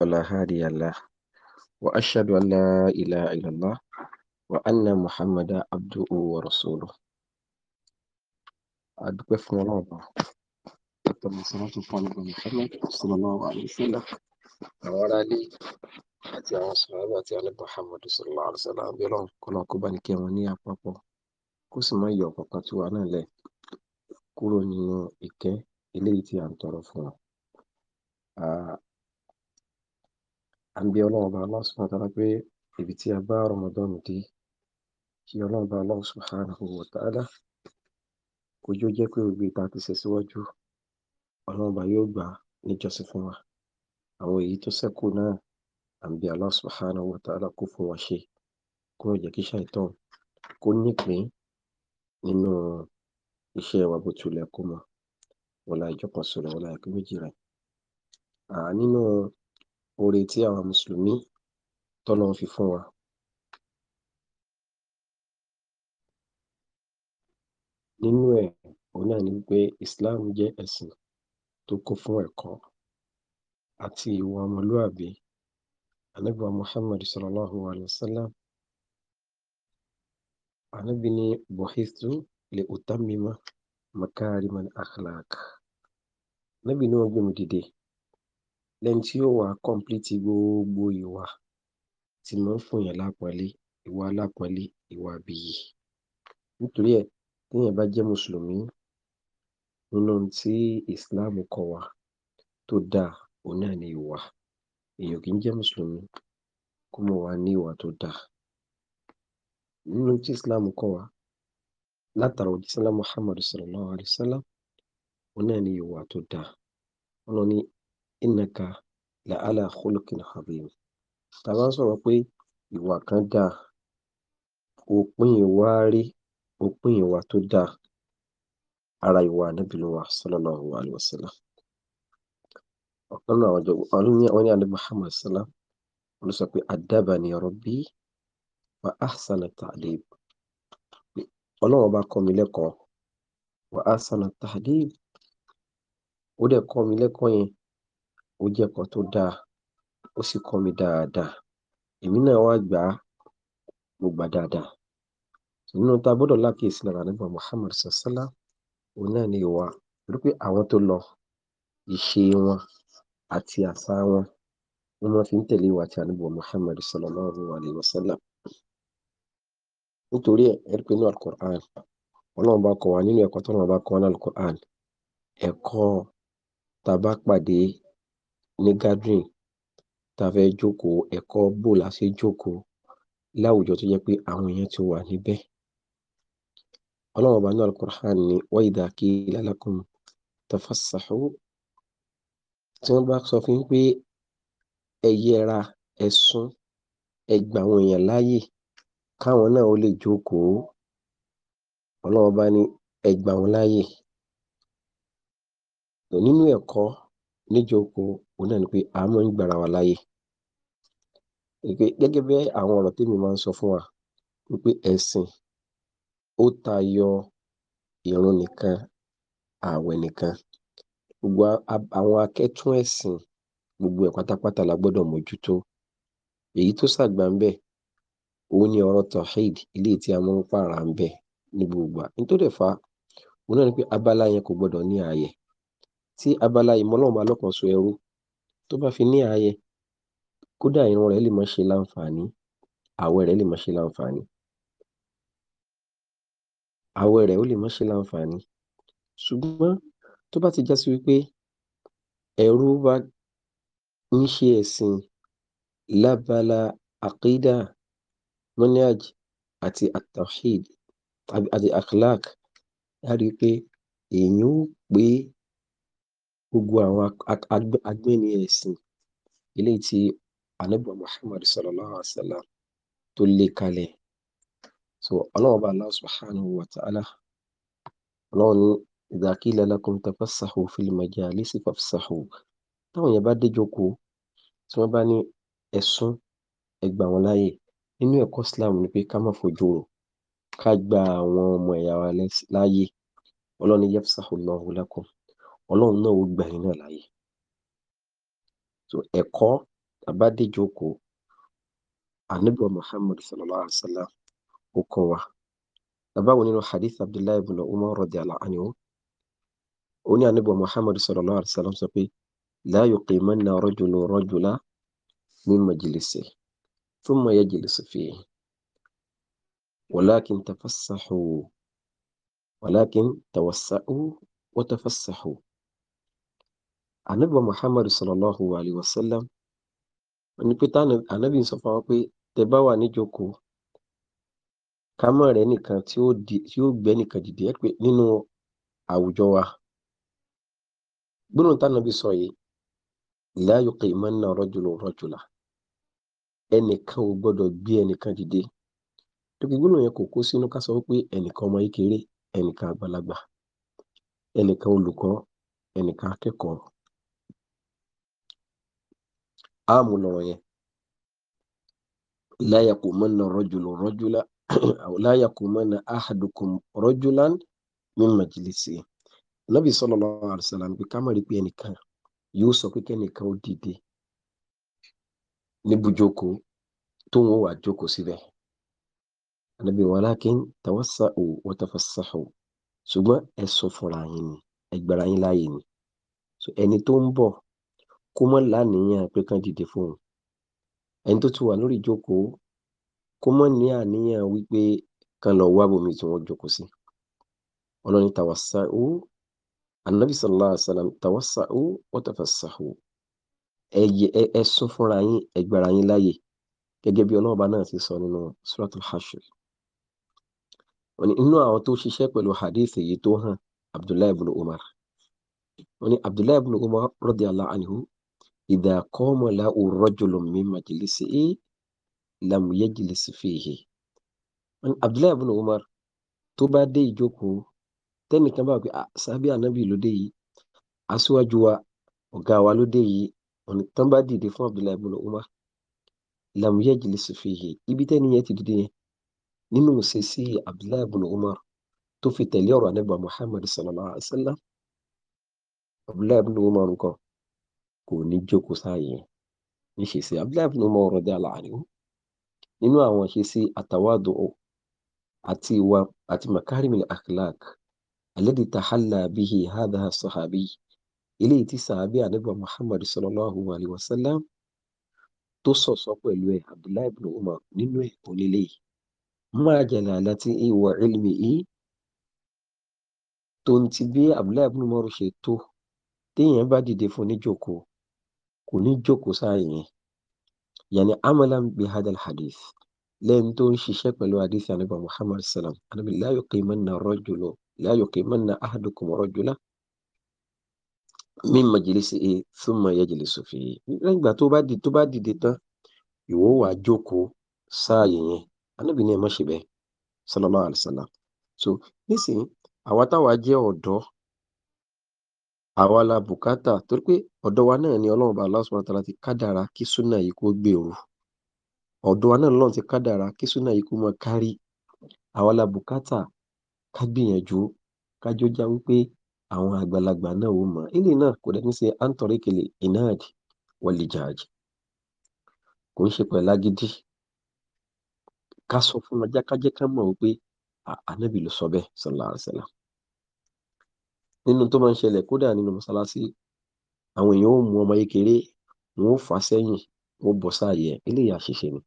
ولا هادي له وأشهد أن لا إله إلا الله وأن محمدا عبده ورسوله أدوكي فún ọlọ́ọ̀bà àtàlù sọ́lọ́tù fọ́lọ́bà Muhammad sallallahu alayhi wa sallam àwọn ará ilé àti àwọn sọ̀rọ̀ àti alẹ́ Muhammad sallallahu alayhi wa sallam bí ọlọ́run kọ́lọ́ kó bá ní kí wọn ní àpapọ̀ kó sì má yọ ọ̀kọ̀ọ̀kan tí wà náà lẹ̀ kúrò nínú ìkẹ́ eléyìí tí à ń tọrọ fún wọn. à ń bí ọlọ́run ọba Allah subhanahu wa ta'ala pé ibi tí a bá Ramadan dé kí ọlọ́run ọba Allah subhanahu wa ta'ala ojú ó jẹ́ pé gbogbo ìta ti ṣe síwájú ọlọ́run ọba yóò gbà níjọsìn fún wa àwọn èyí tó ṣẹ́kù náà à ń bí Allah subhanahu kó fún wa ṣe kó má kí ṣàìtàn kó nípìn nínú iṣẹ́ wa bó tilẹ̀ kó mọ wọlá ìjọkan sọ̀rọ̀ wọlá ìpín nínú oore tí àwa mùsùlùmí tọ́lọ́run fi fún wa nínú ẹ̀ òun náà ni pé Islam jẹ́ ẹ̀sìn tó kún fún ẹ̀kọ́ àti ìwà ọmọlúàbí Ànábì wa Muhammad sallallahu alayhi wa sallam Ànábì ní buhithu li utammima makarimal akhlaq Ànábì ní wọ́n gbé mi dìde lẹ́ni tí yóò wá kọ́ńplìtì gbogbo ìwà tí máa ń fún èèyàn lápọ́nlé ìwà lápọ́nlé ìwà ìbìyì nítorí ẹ̀ téèyàn bá jẹ́ mùsùlùmí nínú tí ìsìláàmù kọ́ wa tó dáa òhun náà ni ìwà èèyàn ò kí ń jẹ́ mùsùlùmí kó má wàá ní ìwà tó dáa nínú ohun tí ìsìláàmù kọ́ wa látara òjíṣẹ́ ńlá Muhammad sallallahu alaihi wasallam òhun náà ni ìwà tó dáa Ọlọ́run ní innaka la'ala khuluqin azim tá a bá ń sọ̀rọ̀ pé ìwà kan dáa òpin ìwà rí òpin ìwà tó dáa ara ìwà ànábì ló wà sallallahu alayhi wa sallam ọ̀kan náà àwọn jọ̀wọ́ wọn ní ànábì Muhammad sallam wọn sọ pé adabani rabbi wa ahsana ta'dib ọlọ́run bá kọ́ mi lẹ́kọ̀ọ́ wa ahsana ta'dib ó dẹ̀ kọ́ mi lẹ́kọ̀ọ́ yẹn ó jẹ́ nǹkan tó dáa ó sì kọ́ mi dáadáa èmi náà wá gbà á mo gbà á dáadáa nínú ohun tá a gbọ́dọ̀ lákìyèsí lára nípa Muhammad sasala òun náà ni ìwà torí pé àwọn tó lọ ìṣe wọn àti àṣà wọn wọ́n máa fi ń tẹ̀lé ìwà tí ànábì Muhammad sallallahu alayhi wa sallam nítorí ẹ̀ ẹ rí i pé nínú alukur'an ọlọ́run bá kọ́ wa nínú ẹ̀kọ́ tọ́lọ́run bá kọ́ wa nínú alukur'an ẹ̀kọ́ tá a bá pàdé ní gathering tá a fẹ́ jókòó ẹ̀kọ́ bó la ṣe jókòó láwùjọ tó jẹ́ pé àwọn èèyàn ti wà níbẹ̀. Ọlọ́run ọba ní Al-Qur'an ní وَإِذَا قِيلَ لَكُمْ تَفَسَّحُوا tí wọ́n bá sọ fún yín pé ẹ yẹra, ẹ sún, ẹ gba àwọn èèyàn láàyè káwọn náà ó lè jókòó, Ọlọ́run ọba ní ẹ gbà wọ́n láàyè. Nínú ẹ̀kọ́ níjókòó òun náà ni pé a máa ń gbára wa láàyè gẹ́gẹ́ bí àwọn ọ̀rọ̀ tèmi máa ń sọ fún wa wípé ẹ̀sìn ó tayọ ìrun nìkan ààwẹ̀ nìkan gbogbo àwọn akẹ́tún ẹ̀sìn gbogbo ẹ̀ pátápátá la gbọ́dọ̀ mójútó èyí tó ṣàgbà ń bẹ̀ òun ni ọ̀rọ̀ tawhid eléyìí tí a máa ń pààrà ń bẹ̀ ní gbogbo ìgbà n tó òun náà ni pé abala yẹn kò gbọdọ̀ ní ààyè tí abala ìmọ́lọ́kanòbálòkanso ẹrú tó bá fi ní ààyè kódà irun rẹ̀ lè má ṣe láǹfààní ààwẹ̀ rẹ̀ lè má ṣe láǹfààní ààwẹ̀ rẹ̀ ó lè má ṣe láǹfààní ṣùgbọ́n tó bá ti já sí wí ẹrú bá ń ṣe ẹ̀sìn lábala àkídà manhaj àti at àti akhlaq á rí i pé èèyàn ó pé gbogbo àwọn agbéni ẹ̀sìn eléyìí tí ànábì Muhammad sallallahu alaihi wa sallam tó lé kalẹ̀ so ọlọ́run ọba Allah subhanahu wa ta'ala ọlọ́run ní idha qila lakum tafassahu fil majalisi fafsahu táwọn èèyàn bá dé jókòó tí wọ́n bá ní ẹ̀sùn ẹ gbà láàyè nínú ẹ̀kọ́ Islam ni pé ká má fojú rò ká gba àwọn ọmọ ẹ̀yà wa láàyè ọlọ́run ní yafsahu Allahu lakum ọlọ́run náà ó gbà yín náà láàyè so ẹ̀kọ́ abádéjókòó ànábì muhammad sallallahu alaihi wa sallam ó kọ́ wa báwo nínú hadith abdullahi ibn umar radiyallahu anhu ó ní ànábì muhammad sallallahu alaihi wa sallam sọ pé la yuqimanna rajulu rajula min majlisihi thumma yajlisu fihi walakin tafassahu walakin tawassahu wa tafassahu ànábì muhammadu sallallahu alayhi wa sallam ní pé ànábì sọ fún wa pé tẹ bá wà níjókòó kámọ́ rẹ̀ nìkan tí ó gbé nìkan dìde ẹ pé nínú àwùjọ wa gbóná tánàbí sọ yìí la yuqimanna rajulun rajula ẹnìkan ò gbọ́dọ̀ gbé ẹnìkan dìde tókè gbóná yẹn kò kó sínú ká sọ pé ẹnìkan ọmọ yìí kéré ẹnìkan àgbàlagbà ẹnìkan olùkọ́ ẹnìkan akẹ́kọ̀ọ́ á mú lọ́rọ̀ yẹn la yaqumanna rajulu rajula aw la yaqumanna ahadukum rajulan min majlisi nabi sallallahu alaihi wasallam bí ká má rí pé ẹnìkan yóò sọ pé kẹ́nìkan ó dìde níbùjókòó tóun ó wà jókòó síbẹ̀ anabi walakin tawassa'u wa tafassahu ṣùgbọ́n ẹ sọ fúnra yín ni ẹ gbára yín láàyè ni ẹni tó ń bọ̀ kó má láníyàn pé kán dìde fóun ẹni tó ti wà lórí ìjókòó kó má ní àníyàn wípé kán lọ wá bòmí tí wọ́n jókòó sí ọlọ́ni tàwásàú anabi sallallahu alayhi wa sallam tàwásàú wọ́tàfàṣàhù ẹ ẹ sún fúnra yín ẹ gbára yín láàyè gẹ́gẹ́ bí ọlọ́ọ̀bá náà ti sọ nínú suratul hashr wọ́n ní inú àwọn tó ṣiṣẹ́ pẹ̀lú hadith èyí tó hàn abdullahi ibn umar wọ́n ní abdullahi ibn umar radiyallahu anhu إذا قام له رجل من مجلسه لم يجلس فيه عبد الله بن عمر tó bá dé ìjókòó tẹnìkan bá pé ah, sábẹ́ ànábì ló dé yìí aṣíwájú wa ọ̀gá wa ló dé yìí ọ̀nà tán bá dìde fún Abdullah ibn Umar lam yajlis fihi ibi tẹ́ni yẹn ti dìde yẹn nínú ṣèṣì Abdullah ibn Umar tó fi tẹ̀lé ọ̀rọ̀ ànábì Muhammad sallallahu alaihi wasallam Abdullah ibn Umar nǹkan kò ní jókòó sáàyè níṣesí abdullahi bin umar rọdí aláàánú nínú àwọn ìṣesí àtàwádò àti ìwà àti makarimil akhlaq alẹ́dí tahalla bihi hadha sahabi eléyìí tí sàábí ànábì muhammad sallallahu alayhi wa sallam tó sọ̀sọ́ pẹ̀lú ẹ̀ abdullahi bin umar nínú ẹ̀ kò lélẹ́yìí máa jẹ̀lẹ̀ àlátí ìwà ilmi yìí tó ń ti bí abdullahi bin umar ṣe tó téèyàn bá dìde fún níjókòó kò ní jókòó sáàyè yẹn yàní amalan bi hadal hadith lẹ́yìn tó ń ṣiṣẹ́ pẹ̀lú hadith anabi muhammad salam anabi la yuqimanna rajulu la yuqimanna ahadukum rajula min majlisihi thumma yajlisu fihi lẹ́yìn ìgbà tó bá di tó bá dìde tán ìwọ wàá jókòó sáàyè yẹn anabi ní ẹ má ṣe bẹ́ẹ̀ sallallahu alayhi wa sallam so nísìnyí àwa táwa jẹ́ ọ̀dọ́ àwa la bùkátà torí pé ọ̀dọ̀ wa náà ni ọlọ́run bá Allah subhanahu wa ta'ala ti kádàrá kí súnà yìí kó gbèrú ọ̀dọ̀ wa náà lọ́run ti kádàrá kí súnà yìí kó máa kárí àwa la bùkátà ká gbìyànjú kájọ já wípé àwọn àgbàlagbà náà ò mọ̀ ilé náà kò dẹ́ni ṣe à kele ìnáàdì wọlé kò ń ṣe pẹ̀lú agídí ká sọ fún wọn jákájẹ́ ká mọ̀ wípé ànábì ló sọ bẹ́ẹ̀ sallallahu alaihi nínú tó máa ń ṣẹlẹ̀ kódà nínú mọ́sálásí àwọn èèyàn ó mú ọmọ kékeré wọn ó fà á sẹ́yìn ó bọ̀ sáàyè eléyìí àṣìṣe ni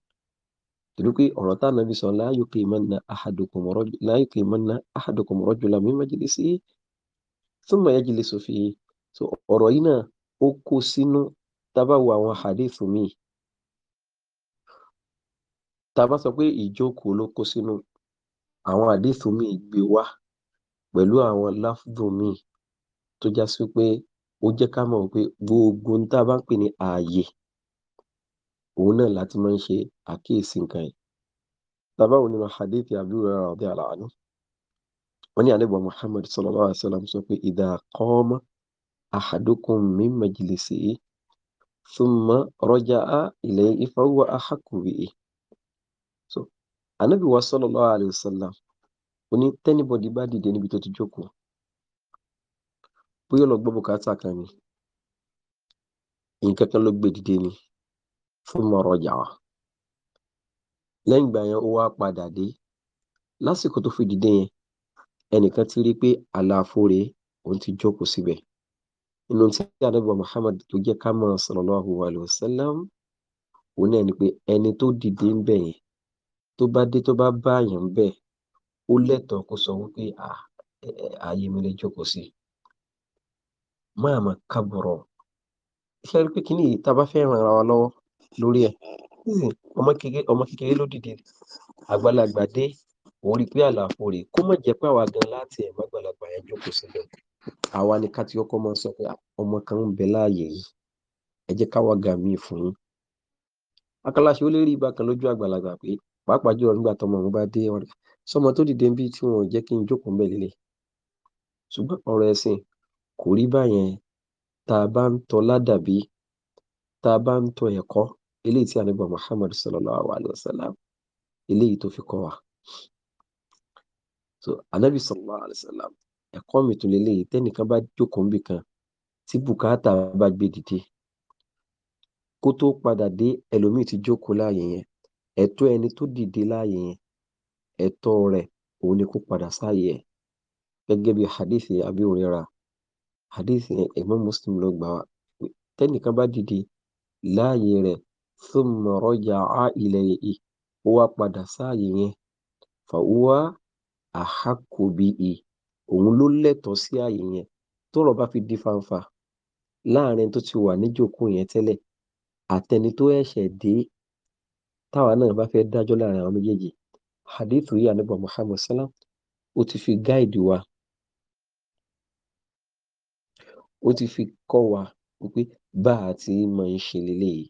torí pé ọ̀rọ̀ tá ànábì sọ la yuqimanna ahadukum la yuqimanna ahadukum rajulan min majlisihi thumma yajlisu fihi so ọ̀rọ̀ yìí náà ó kó sínú tábà wo àwọn hadith mi tábà sọ pé ìjókòó ló kó sínú àwọn hadith mi gbé wá pẹ̀lú àwọn láfdùn míì tó já sí pé ó jẹ́ ká mọ̀ pé gbogbo ohun tá a bá ń pè ní ààyè òun náà la ti máa ń ṣe àkíyèsí nǹkan yìí tá a bá wo nínú hadithi Abu Hurairah radiyallahu ní ànábì Muhammad sallallahu alayhi wa sallam sọ pé idha qama ahadukum min majlisihi thumma raja'a ilayhi fahuwa ahaqqu bihi so ànábì wa sallallahu alayhi wa sallam ó ní tẹ́nibọ̀dì bá dìde níbi tó ti jókòó bóyá lọ gbọ́ bùkátà kan ni nǹkan kan ló gbé dìde ni fún mọ̀rọ̀ jà wá lẹ́yìn ìgbà yẹn ó wá padà dé lásìkò tó fi dìde yẹn ẹnìkan ti rí pé àlàáfó rèé òun ti jókòó síbẹ̀ inú tí àdàbọ̀ Muhammad tó jẹ́ ká mọ̀ sallallahu alaihi wasallam òun náà ni pé ẹni tó dìde ń bẹ̀ yẹn tó bá dé tó bá bá àyàn ń bẹ̀ ó lẹ́tọ̀ọ́ kó sọ wípé ààyè mi lè jókòó sí máàmá kábùrọ̀ ṣe rí pé kíní yìí tá a bá fẹ́ ràn ara wa lọ́wọ́ lórí ẹ̀ ọmọ kékeré ló dìde àgbàlagbà dé òun rí i pé àlàfo rè kó má jẹ́ pé àwa gan láti ẹ̀ mọ́gbàlagbà yẹn jókòó síbẹ̀ àwa ni ká ti kọ́kọ́ máa sọ pé ọmọ kan ń bẹ láàyè yìí ẹ jẹ́ káwa gà mí fún un akọláṣe ó lè rí ibà kan lójú àgbàlagbà pé pàápàá jùlọ nígbà tọmọ òun bá dé ọ̀rẹ́ sọmọ tó dìde ń bí tí wọn ò jẹ́ kí n jókòó ń bẹ̀ lélẹ̀ ṣùgbọ́n ọ̀rọ̀ ẹ̀sìn kò rí báyẹn tá a bá ń tọ ládàbí tá a bá ń tọ ẹ̀kọ́ eléyìí tí ànábì muhammad sallallahu alayhi wa sallam eléyìí tó fi kọ́ wa so anabi sallallahu alaihi wa sallam ẹ̀kọ́ mi tún lélẹ́yìí tẹ́nìkan bá jókòó níbì kan tí bùkátà bá gbé dìde kó tó padà dé ẹlòmíì ti jókòó láàyè yẹn ẹ̀tọ́ ẹni tó dìde láàyè yẹn ẹ̀tọ́ rẹ̀ òun ni kó padà sáàyè ẹ̀ gẹ́gẹ́ bí hadith Abi Hurairah hadisi yẹn Imam Muslim ló gbà wá tẹ́nìkan bá dìde láàyè rẹ̀ thumma raja'a ilayhi ó wá padà sáàyè yẹn fahuwa ahaqqu bihi òun ló lẹ́tọ̀ọ́ sí àyè yẹn tọ́rọ̀ bá fi di fanfa láàrin tó ti wà níjókòó yẹn tẹ́lẹ̀ àtẹni tó ẹ̀ṣẹ̀ dé táwa náà bá fẹ́ dájọ́ láàrin àwọn méjèèjì hadith yìí ànábì Muhammad sallam ó ti fi gáìdì wa ó ti fi kọ́ wa wípé bá a ti máa ń ṣe leléyìí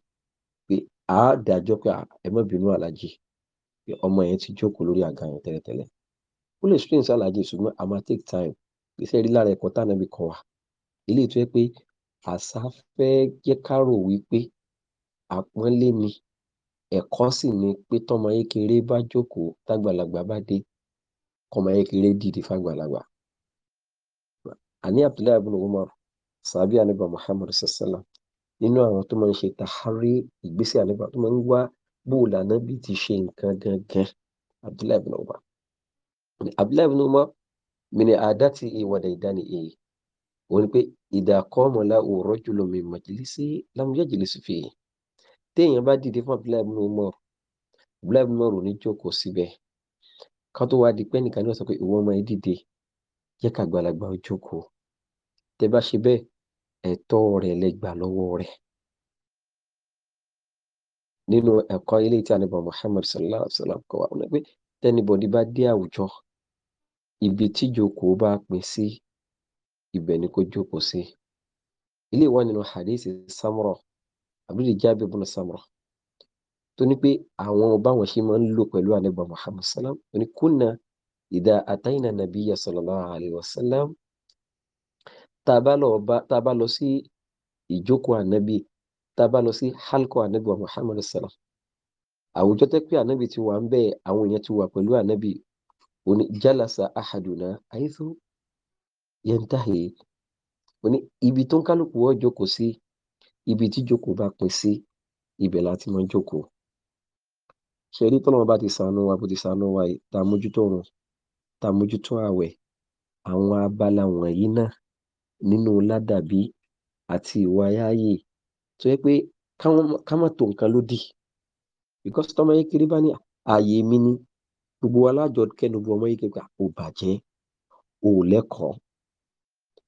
pé a á dájọ́ pé ẹ má bínú aláàjì pé ọmọ yẹn ti jókòó lórí àga yẹn tẹ́lẹ̀tẹ́lẹ̀ ó lè strain sí aláàjì ṣùgbọ́n a máa take time iṣẹ́ rí lára ẹ̀kọ́ tá ànábì kọ́ wa eléyìí tó yẹ pé àṣà fẹ́ jẹ́ ká rò wípé àpọ́nlé ni ẹ̀kọ́ sì ni pé tọmọ kékeré bá jókòó tágbàlagbà bá dé kọmọ kékeré dìde fágbàlagbà àní Abdullahi ibn Umar sàbí àníbà Muhammad sallam nínú àwọn tó máa ń ṣe tàhárí ìgbésẹ̀ àníbà tó máa ń wá bóòlù ànábì ti ṣe nǹkan gangan Abdullahi ibn Umar Abdullahi ibn Umar mini adati ìwàdà ìdáni èyí òun ni pé ìdàkọ́mọ̀lá òòrọ̀ jùlọ mi majlisi lam yajlis fi téèyàn bá dìde fún Abdullahi ibn Umar Abdullahi ibn Umar ò ní jókòó síbẹ̀ ká tó wá di pé nìkan ní ọ̀sán pé ìwọ ọmọ yìí dìde jẹ́ ká ó jókòó tẹ bá ṣe bẹ́ẹ̀ ẹ̀tọ́ rẹ̀ lẹ gbà lọ́wọ́ rẹ̀ nínú ẹ̀kọ́ eléyìí tí ànábì Muhammad sallallahu alaihi wa sallam kọ́ wa ọ̀nà pé tẹ́nibọ̀dì bá dé àwùjọ ibi tíjókòó bá pín sí ibẹ̀ ni kó jókòó sí eléyìí wà nínú hadithi Samura abdul Jabir ibn Samura tó ní pé àwọn báwọn ṣe máa ń lò pẹ̀lú ànábì Muhammad sallam ó ní kunna idha atayna nabiyya sallallahu alaihi wa sallam tá a bá lọ bá tá a bá lọ sí ìjókòó ànábì tá a bá lọ sí halkọ ànábì wa muhammadu sallam àwùjọ tẹ pé ànábì ti wà ń bẹ àwọn èèyàn ti wà pẹ̀lú ànábì òní jálàsà ahadùnà àyíṣó yẹntàhì òní ibi tó ń kálukú wọ́n jókòó sí ibi tí jókòó bá pín sí ibẹ̀ láti máa jókòó ṣe rí tọ́lọ́mọ bá ti sànú wa bó ti sànú wa tá mójútó òrùn tá mójútó àwẹ̀ àwọn abala wọ̀nyí náà nínú ládàbí àti ìwà yááyì tó jẹ́ pé ká má tó nǹkan lódì because tọmọ kékeré bá ní ààyè mi ni gbogbo wa lájọ kẹnu bu ọmọ yìí kékeré ò bàjẹ́ ò lẹ́kọ̀ọ́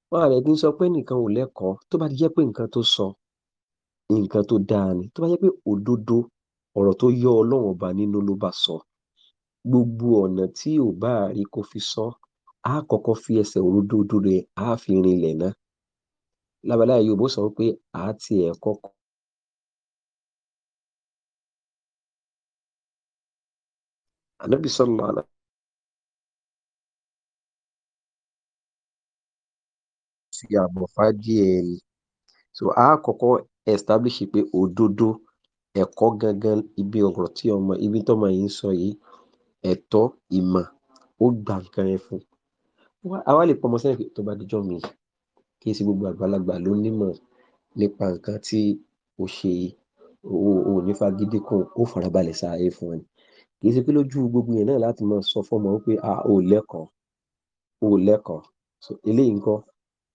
wọn àrẹ ti ń sọ pé nìkan ò lẹ́kọ̀ọ́ tó bá ti jẹ́ pé nǹkan tó sọ nǹkan tó dáa ni tó bá jẹ́ pé òdodo ọ̀rọ̀ tó yọ Ọlọ́run ọba nínú ló bá sọ gbogbo ọ̀nà tí ò bá rí kó fi sọ a kọ́kọ́ fi ẹsẹ̀ òróǹdòdó rẹ̀ a fi rinlẹ̀ ná lábala yìí yóò sọ pé a tiẹ̀ kọ́kọ́ anabi sallallahu alaihi sí àbọ̀fá díẹ̀ ni so a kọ́kọ́ establish pé òdodo ẹ̀kọ́ gangan ibi ọ̀rọ̀ tí ọmọ ibi tọ́mọ yìí ń sọ yìí ẹ̀tọ́ ìmọ̀ ó gba nǹkan yẹn fún àwa lè pọmọ sẹ́yìn tó bá dijọ́ mi kì í ṣe gbogbo àgbàlagbà ló nímọ̀ nípa nǹkan tí o ṣe o ní fagídí kan ó farabalẹ̀ ṣàlàyé fún ẹ kì í ṣe pé lójú gbogbo yẹn náà láti máa sọ fọmọ pé a ò lẹ́kọ̀ọ́ o lẹ́kọ̀ọ́ so eléyìí nǹkan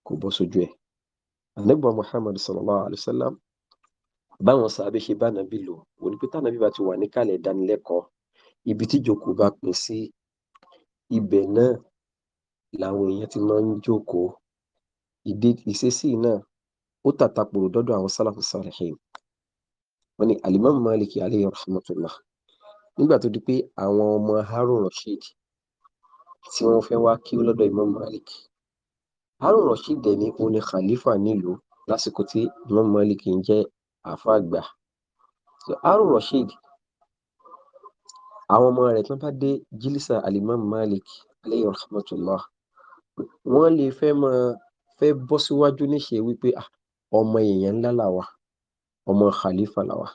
kò bọ́ sójú ẹ̀ anagba muhammad sallallahu alayhi wa sallam báwọn sàbẹ̀ ṣe bá nàbí lò wọ́n ní pé tànàbí bá ti wà níkàlẹ̀ ìdánilẹ́kọ̀ọ́ ibi tí ìjókòó bá pín sí ibẹ̀ náà làwọn èèyàn ti máa ń jókòó ìdí ìṣesí náà ó tàtàkùrù dọ́dọ̀ àwọn sálàfù sàlíhìn wọ́n ní alimami maliki aleyhi rahmatullah nígbà tó di pé àwọn ọmọ harun rasheed tí wọ́n fẹ́ wá kí lọ́dọ̀ imam malik harun rasheed dẹ̀ ni òun ni khalifa nílùú lásìkò tí imam malik ń jẹ́ àfa so harun rasheed àwọn ọmọ rẹ̀ tí wọ́n bá dé jilisa alimami malik aleyhi rahmatullah wọ́n lè fẹ́ máa fẹ́ bọ́ síwájú níṣe wípé ah, ọmọ èèyàn ńlá làwa ọmọ khalifa làwa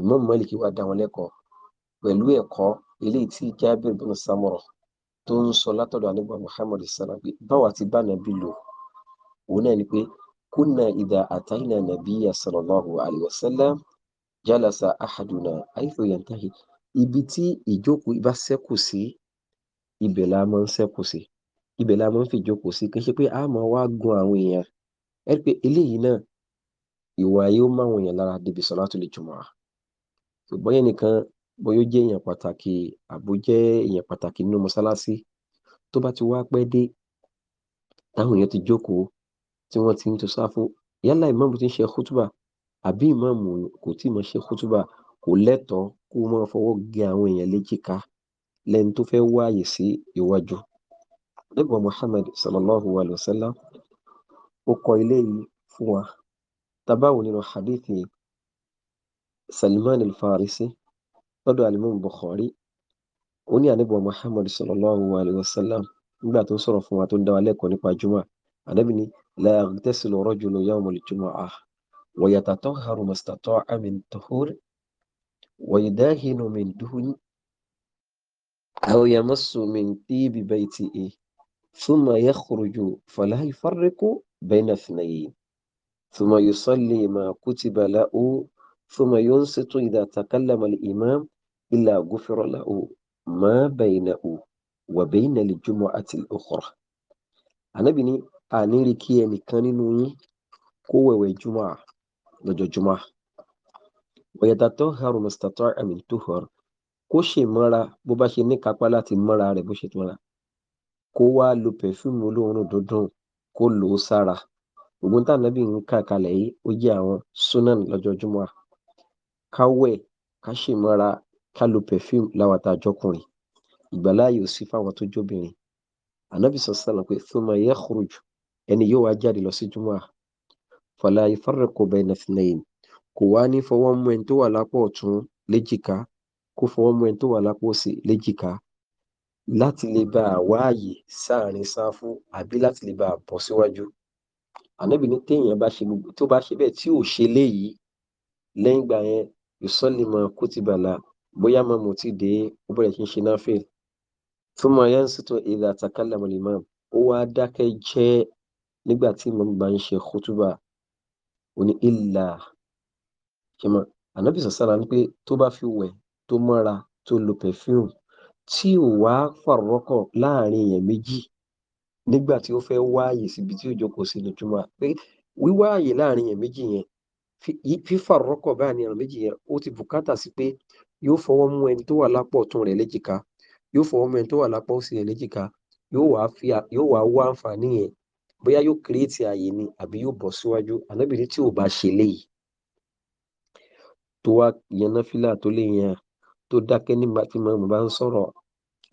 Imam Malik wá dá wọn lẹ́kọ̀ọ́ pẹ̀lú ẹ̀kọ́ eléyìí tí Jabir bin Samura tó ń sọ látọ̀dọ̀ àníbà Muhammad sallam pé báwa ti bá nàbí lò òun náà ni pé kunna idha atayna nabiyya sallallahu alayhi wa sallam jalasa yantahi ibi tí ìjókòó ibà ṣẹ́kù sí ibẹ̀ la máa ń ṣẹ́kù sí ibẹ̀ la máa ń fìjókòó sí kì í ṣe pé a máa wá gun àwọn èèyàn ẹ rí i pé eléyìí náà ìwà yìí ó máwọn èèyàn lára débi sọ̀látùl jumu'ah bóyá ẹnìkan bóyá ó jẹ́ èèyàn pàtàkì àbó jẹ́ èèyàn pàtàkì nínú mọ́sálásí tó bá ti wá pẹ́ dé táwọn èèyàn ti jókòó tí wọ́n ti ń to sáfù yálà ìmáàmù ti ń ṣe kútùbà àbí ìmáàmù kò tí mọ̀ ṣe kútùbà kò lẹ́tọ̀ọ́ kó máa fọwọ́ gé àwọn èèyàn léjìká lẹ́ni tó fẹ́ wá sí iwájú nígbà Muhammad sallallahu alayhi wa sallam ó kọ́ ilé yìí fún wa tabawo nínú hadithi Salman al-Farisi lọ́dọ̀ alimam Bukhari ó ní àníbọ̀ Muhammad sallallahu alayhi wa sallam nígbà tó ń sọ̀rọ̀ fún wa tó ń dá wa lẹ́kọ̀ọ́ nípa juma ànábì ni la yaghtasilu rajulu yawm al-jumu'ah wa yatatahharu mastata'a min tuhur wa yudahinu min duhun aw yamassu min tibi baytihi ثم يخرج فلا يفرق بين اثنين ثم يصلي ما كتب له ثم ينصت إذا تكلم الإمام إلا غفر له ما بينه وبين الجمعة الأخرى Ànábì ní àní rí kí ẹnìkan nínú yín kó wẹ̀wẹ̀ jùmọ̀ lọ́jọ́ jùmọ̀ ọ̀yàtàtọ̀ haru mustapha amin tuhor kó ṣe mọ́ra bó bá ṣe ní kápá láti mọ́ra rẹ̀ bó ṣe tó ra kó wá lo perfume olóòórùn dídùn kó lò ó sára ògùn tá ànábì ń kà kalẹ̀ yìí ó jẹ́ àwọn sunan lọ́jọ́júmọ́ à ká wẹ̀ ká ṣèmọ́ra ká lo perfume láwa tá a jọkùnrin ìgbàláàyè ò sí fáwọn tó jóbìnrin ànábì sọ sálà pé thumma yakhruj ẹni yóò wá jáde lọ sí júmọ́ à fala yufarriqu bayna ithnayn kò wá ní fọwọ́ mú ẹni tó wà lápò ọ̀tún léjìká kó fọwọ́ mú ẹni tó wà lápò òsì léjìká láti lè bá a wá àyè sáàrin sáfù àbí láti lè bá a bọ́ síwájú ànábì ní téèyàn bá ṣe gbogbo tó bá ṣe bẹ́ẹ̀ tí ò ṣe léyìí lẹ́yìn ìgbà yẹn ìsọ́lìmọ̀ kùtìbàlà bóyá máa mú ti dé ó bẹ̀rẹ̀ kí n ṣe náà fèl fún mọ ayé ń sètò ìlà àtàkálà mọ̀lẹ́mọ̀ ó wá dákẹ́ jẹ́ nígbà tí mo bá ń ṣe kútùbà ó ìlà ṣe mọ ànábì ni pé tó bá fi wẹ̀ tó mọ́ra tó lo perfume tí ò wá fàrọ́kọ̀ láàrin èèyàn méjì nígbà tí ó fẹ́ wá àyè síbi tí ó jókòó sí ní jùmọ̀ pé wíwá àyè láàrin èèyàn méjì yẹn fífàrọ́kọ̀ báyìí ní èèyàn méjì yẹn ó ti bùkátà sí pé yóò fọwọ́ mú ẹni tó wà lápò ọ̀tún rẹ̀ léjìká yóò fọwọ́ mú ẹni tó wà lápò òsì rẹ̀ léjìká yóò wá fi yóò wá wá àǹfààní yẹn bóyá yóò kírètì àyè ni àbí yóò bọ̀ síwájú ànábìrin tí ò bá ṣe léyìí tó wá yẹn náfìlà tó lè yẹn tó dákẹ́ nígbà tí màmú bá ń sọ̀rọ̀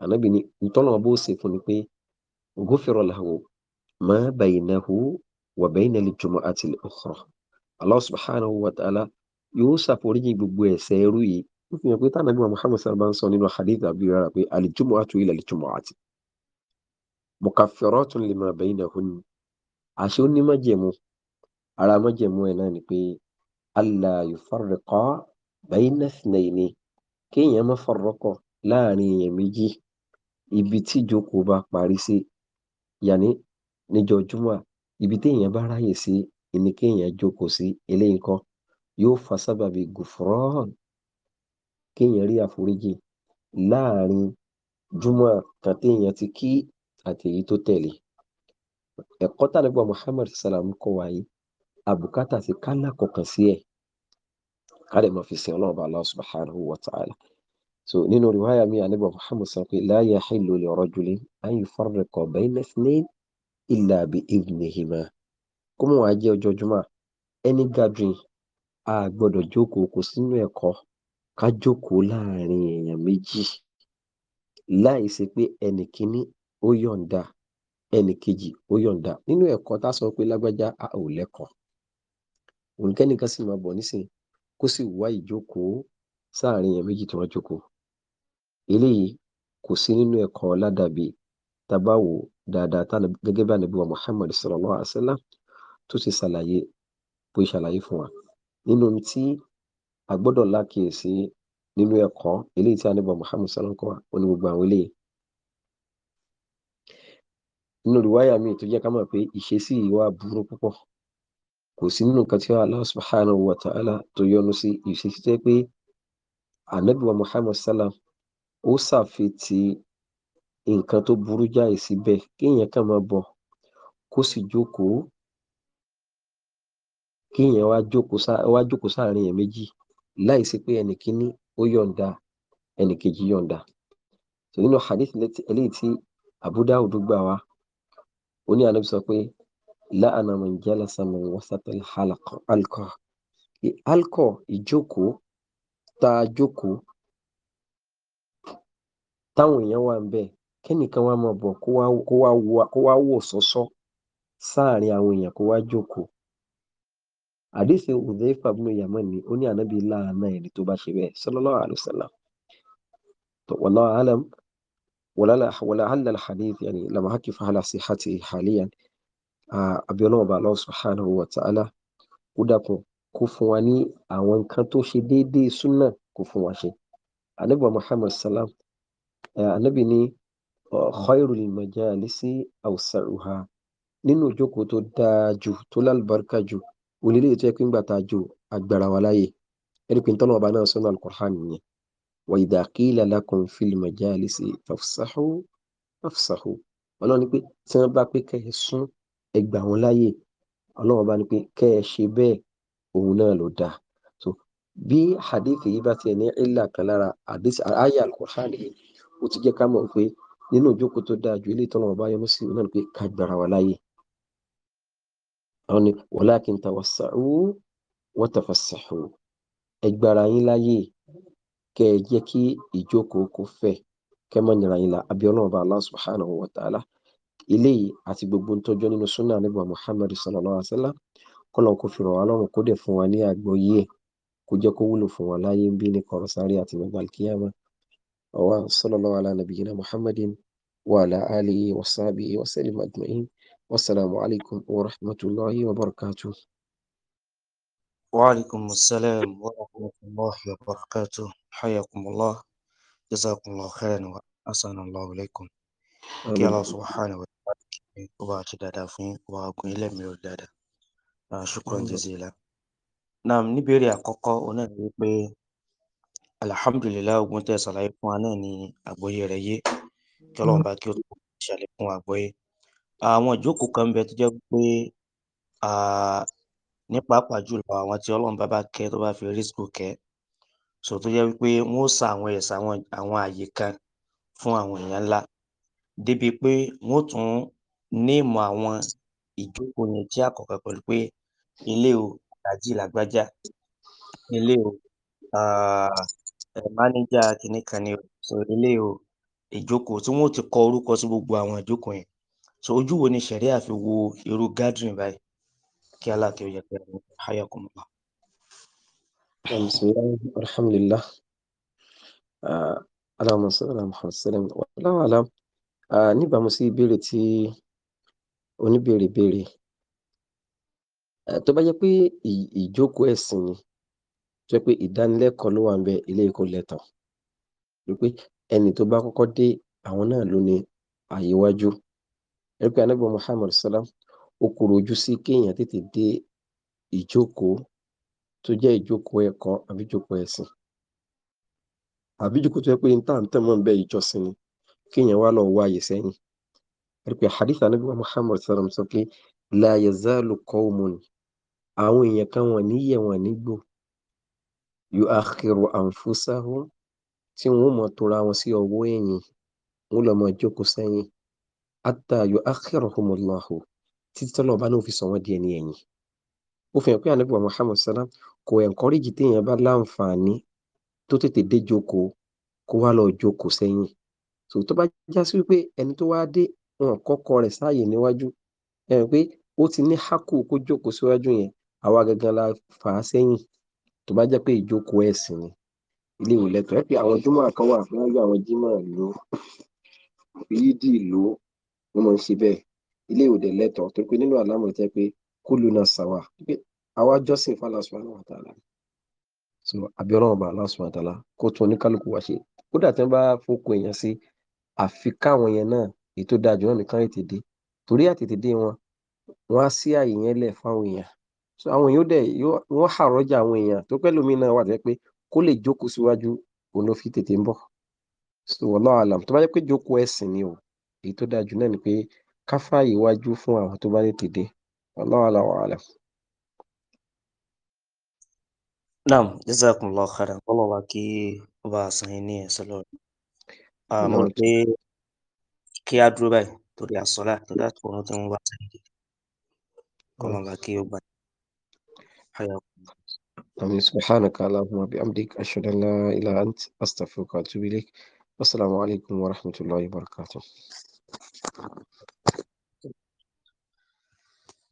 ànábì ni ìtọ́nà bó ṣe fún ni pé ghufira lahu ma baynahu wa bayna al-jumu'ati al-ukhra Allah subhanahu wa ta'ala yóò ṣàforíjì gbogbo ẹ̀ṣẹ̀ ẹrú yìí ó fi hàn pé tànàbí wa Muhammad sallallahu alaihi wa sallam sọ nínú hadith àbí rárá pé al-jumu'atu ila al-jumu'ati mukaffiratun lima baynahun àṣẹ onímọ̀jẹ̀mú ara mọ̀jẹ̀mú ẹ̀ náà ni pé alla yufarriqa bayna ithnayni kéèyàn má fọ̀rọ́kọ̀ láàrin èèyàn méjì ibi tí ìjókòó bá parí sí yàní níjọ́ júmọ́ ibi téèyàn bá ráyè sí ni kéèyàn jókòó sí eléyìí kọ́ yóò fa sábàbí gùfúrọ́ọ̀n kéèyàn rí àforíjì láàrin júmọ́ kan téèyàn ti kí àti èyí tó tẹ̀lé ẹ̀kọ́ tánàbí wa Muhammad salam kọ́ wa yìí àbùkátà sí ká lákọkàn sí ẹ̀ kárẹ̀ mọ́ fi sin ọlọ́run bá Allah subhanahu wa ta'ala so nínú riwaya mi ànábì Muhammad sọ pé la yahillu li rajulin an yufarriqa bayna ithnayn illa bi idhnihima kó mọ̀ wá jẹ́ ọjọ́ jùmọ̀ any gathering a gbọ́dọ̀ jókòó kò sínú ẹ̀kọ́ ká jókòó láàrin èèyàn méjì láì ṣe pé ẹnì kíní ó yọ̀ǹda ẹnì kejì ó yọ̀ǹda nínú ẹ̀kọ́ tá a sọ pé lágbájá a ò lẹ́kọ̀ọ́ òǹkẹ́nìkan sì máa bọ̀ nísìnyí kó sì wá ìjókòó sáàrin èèyàn méjì tí wọ́n jókòó eléyìí kò sí nínú ẹ̀kọ́ ládàbí tabawo dáadáa tá gẹ́gẹ́ bí anabi wa muhammad sallallahu alaihi wa sallam tó ti ṣàlàyé bó ṣe ṣàlàyé fún wa nínú tí a gbọ́dọ̀ lákìyèsí nínú ẹ̀kọ́ eléyìí tí anabi wa muhammad sallallahu alaihi wa sallam kọ́ wa ó ní gbogbo àwọn eléyìí nínú ìwáyà míì tó jẹ́ ká mọ̀ pé ìṣesí yìí burú púpọ̀ kò sí nínú nǹkan tí Allah subhanahu wa ta'ala tó yọ́nú sí ìṣesí tó yẹ pé Ànábì wa Muhammad sallam ó ṣàfitì nǹkan tó burú jáì síbẹ̀ kéèyàn kàn máa bọ̀ kó sì jókòó kéèyàn wá jókòó sáàárín ẹ̀ méjì láì sí pé ẹnì kíní ó yọ̀ǹda ẹnì kejì yọ̀ǹda nínú hadith eléyìí tí Abu gbà wá ó ní Ànábì sọ pé لعن من جلس من وسط الحلقة القى القى ìjókòó tá a jókòó táwọn èèyàn wà ń bẹ kẹ́nìkan wá máa bọ̀ kó wá wo kó wá wò sọ́sọ́ sáàrin àwọn èèyàn kó wá jókòó àdìsí Hudhayfa ibn Yaman ni ó ní ànábì láàánà ẹni tó bá ṣe bẹ́ẹ̀ sallallahu alaihi wasallam wallahu a'lam wala halla al-hadith yani la mahaki fa hala sihhati haliyan abiolóhùn bá Allah subhanahu wa ta'ala kó dàpọ̀ kó fún wa ní àwọn nǹkan tó ṣe déédéé súnà kó fún wa ṣe anabi muhammad salam anabi ní khairul majalisi awsa'uha nínú ìjókòó tó dáa jù tó lálùbáríkà jù onílé tó yẹ kí n gbà tá a jò agbára wa láàyè ẹni pé tọ́nà ọba náà sọ́nà al-Qur'an nìyẹn wa idha qila lakum fil majalisi fafsahu fafsahu ọlọ́run ni pé tí wọ́n bá pé kẹ́ sún ẹ gbà wọ́n láàyè ọlọ́run bá ní pé kẹ́ ẹ ṣe bẹ́ẹ̀ òun náà ló dáa so bí hadith yìí bá tiẹ̀ ní ilà kan lára hadith aya al-Qur'an yìí ó ti jẹ́ ká mọ̀ pé nínú ìjókòó tó dáa ju ilé ìtọ́nà ọba yọmọ sí òun náà ni pé ká gbàrà wà láàyè àwọn ni walakin tawassa'u wa tafassahu ẹ gbàrà yín láàyè kẹ́ ẹ jẹ́ kí ìjókòó kó fẹ̀ kẹ́ mọ̀ nira abiyọ́nà ọba Allah subhanahu wa ta'ala eléyìí àti gbogbo ntọ́jọ́ nínú súnà nígbà Muhammad sallallahu alaihi wa sallam kọ́lọ́n kò fi rọ̀ wá lọ́rùn kó dẹ̀ fún wa ní àgbọ́yé ẹ̀ kó jẹ́ kó wúlò fún wa láyé ń bí ní kọ̀rọ̀ sáré àti gbogbo alkiyama ọwọ́ sallallahu ala nabiyina Muhammadin wa ala alihi wa sahbihi wa sallim ajma'in wassalamu alaikum wa rahmatullahi wa barakatuh. wa alaikum assalam wa rahmatullahi wa barakatuh hayakumullah jazakumullahu khairan wa asanallahu alaikum kí Allah subhanahu wa wa ṣe dáadáa fún wa gùn ilẹ̀ mìíràn dáadáa ṣùkúrọ̀ jẹ́sílá. náà níbèrè àkọ́kọ́ onáà ni wípé alhamdulillah ogun tẹ́ ṣàlàyé fún wa náà ni àgbọ́yé rẹ̀ yé kí ọlọ́run bá kí ó ṣàlẹ̀ fún àgbọ́yé. àwọn ìjókòó kan bẹ tó jẹ́ pé ní pàápàá jùlọ àwọn tí ọlọ́run bá bá kẹ́ tó bá fi rísíkù kẹ́ so tó jẹ́ wípé wọ́n sa àwọn ẹ̀sà àwọn àyè kan fún àwọn èèyàn ńlá débi pé wọ́n tún néèmù àwọn ìjókòó yẹn jẹ́ àkọ́kọ́ pẹ̀lú pé ilé o Alhaji Lágbájá, ilé o um mánéjà kinní kan ni o, so ilé o ìjókòó tí wọ́n ó ti kọ orúkọ sí gbogbo àwọn ìjókòó yẹn. So ojú wo ni ṣẹ̀ríà fi wo irú gathering báyìí? Kí Allah kí ó yẹpẹrẹ yín, Hayakumullah. Bismillahi Alhamdulillah. Ah, Allahumma salli ala Muhammad sallam. Wallahu a'lam. Ah, Níbàámu sí ìbéèrè tí oníbèrèbèrè tó bá jẹ́ pé ìjókòó ẹ̀sìn ni tó jẹ́ pé ìdánilẹ́kọ̀ọ́ ló wà ńbẹ̀ eléyìí kò lẹ́tọ̀ọ́ torí pé ẹni tó bá kọ́kọ́ dé àwọn náà ló ní pé salam ó kúrò ojú sí kéèyàn tètè dé ìjókòó tó jẹ́ ìjókòó ẹ̀kọ́ àbí ìjókòó ẹ̀sìn tó pé ní ni kéèyàn rí pé hadith anabi wa muhammad sallam sọ pé la yazalu qawmun àwọn èèyàn kan wọn níyẹ wọn nígbò yu akhiru anfusahum tí wọn mọ tora wọn sí ọwọ́ ẹ̀yìn wọn lọ mọ jókòó sẹ́yìn hatta yu akhiruhumullahu títí tọ́lọ̀ bá náà fi sọ wọ́n di ẹni ẹ̀yìn ó fi hàn pé anabi muhammad sallam kò ẹ̀ńkọ́rẹ́jì téèyàn bá láǹfààní tó tètè dé jókòó kó wá lọ jókòó sẹ́yìn tó bá já sí wípé ẹni tó wá dé wọn kọ́kọ́ rẹ̀ sáàyè níwájú ẹ rìn pé ó ti ní hákù kó jókòó síwájú yẹn àwa gangan la fà á sẹ́yìn tó bá jẹ́ pé ìjókòó ẹ̀sìn ni ilé ìwò lẹ́tọ̀ọ́ ẹ pé àwọn júmọ̀ kan wà wọ́n yọ àwọn jímọ̀ lò yídì lò wọ́n mọ̀ ń ṣe bẹ́ẹ̀ ilé ìwò dẹ̀ lẹ́tọ̀ọ́ tó pé nínú àlámọ̀ jẹ́ pé kó lu náà sàwà pé àwa jọ́sìn fún aláṣọ àwọn àtàlà so abiola ọba aláṣọ àtàlà kó tún oníkálukú wá ṣe kódà tí wọ́n bá fọkọ èèyàn sí àfi káwọn yẹn náà èyí tó dáa jù náà nìkan tètè dé torí àtètè dé wọn wọn á sí àyè yẹn lẹ̀ fáwọn èèyàn so àwọn èèyàn dẹ̀ wọ́n àrọ́jà àwọn èèyàn tó pẹ́ lómi náà wà tẹ́ pé kó lè jókòó síwájú òun ló fi tètè ń bọ̀ so wallahu alam tó bá jẹ́ pé jókòó ẹ̀sìn ni o èyí tó dáa jù náà ni pé ká fààyè fún àwọn tó bá tètè dé wallahu alam wa alam. naam jazakumullahu khairan kọ́lọ̀ wa kí ọba àṣàyàn ní ẹ̀sọ́ lọ́rọ̀ kí á dúró báyìí torí àsọlá tó dàtò ọ̀rọ̀ tí wọ́n bá sẹ́yìn dé kọ́lọ́n bá kí ó gbà ayọ̀. آمين سبحانك اللهم وبحمدك أشهد أن لا إله أنت أستغفرك وأتوب إليك والسلام عليكم ورحمة الله وبركاته